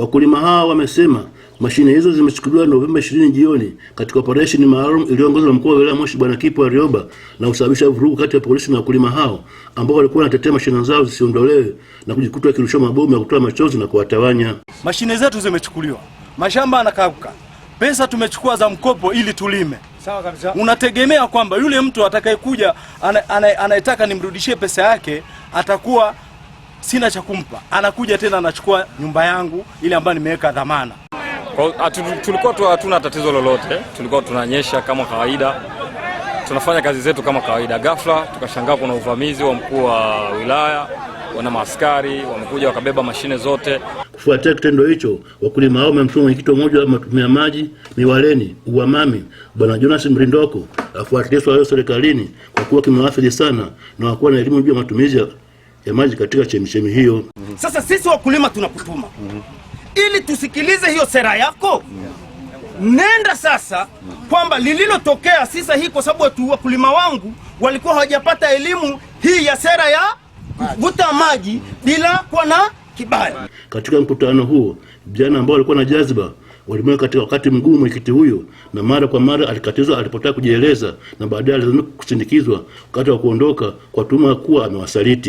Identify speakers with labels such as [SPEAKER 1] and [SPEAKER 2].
[SPEAKER 1] Wakulima hao wamesema mashine hizo zimechukuliwa Novemba 20 jioni katika operesheni maalum iliyoongozwa na mkuu wa wilaya Moshi Bwana Kipo arioba na kusababisha vurugu kati ya polisi na wakulima hao ambao walikuwa wanatetea mashine zao zisiondolewe na kujikuta wakirusha mabomu ya kutoa machozi na kuwatawanya.
[SPEAKER 2] Mashine zetu zimechukuliwa, mashamba yanakauka, pesa tumechukua za mkopo ili tulime. Sawa kabisa. Unategemea kwamba yule mtu atakayekuja anayetaka ana, ana, ana nimrudishie pesa yake atakuwa sina cha kumpa, anakuja tena anachukua nyumba yangu ile ambayo nimeweka dhamana.
[SPEAKER 3] Tulikuwa hatuna tatizo lolote, tulikuwa tunanyesha kama kawaida, tunafanya kazi zetu kama kawaida. Ghafla tukashangaa kuna uvamizi wa mkuu wa wilaya, wana maaskari wamekuja wakabeba mashine zote.
[SPEAKER 1] Kufuatia kitendo hicho, wakulima hao wamemtuma mwenyekiti wa umoja wa matumia maji Miwaleni Uwamami, Bwana Jonas Mrindoko afuatilie swala hilo serikalini kwa kuwa kimewaathiri sana na wakuwa na elimu juu ya matumizi ya maji katika chemichemi hiyo.
[SPEAKER 2] Sasa sisi wakulima tunakutuma mhm. ili tusikilize hiyo sera yako, mhm. nenda sasa mhm. kwamba lililotokea sisa hii, kwa sababu wakulima wangu walikuwa hawajapata elimu hii ya sera ya kuvuta maji bila kuwa na kibaya.
[SPEAKER 1] Katika mkutano huo, vijana ambao walikuwa na jazba walimweka katika wakati mgumu mwenyekiti huyo, na mara kwa mara alikatizwa alipotaka kujieleza, na baadaye kusindikizwa wakati wa kuondoka kwa tuma kuwa amewasaliti.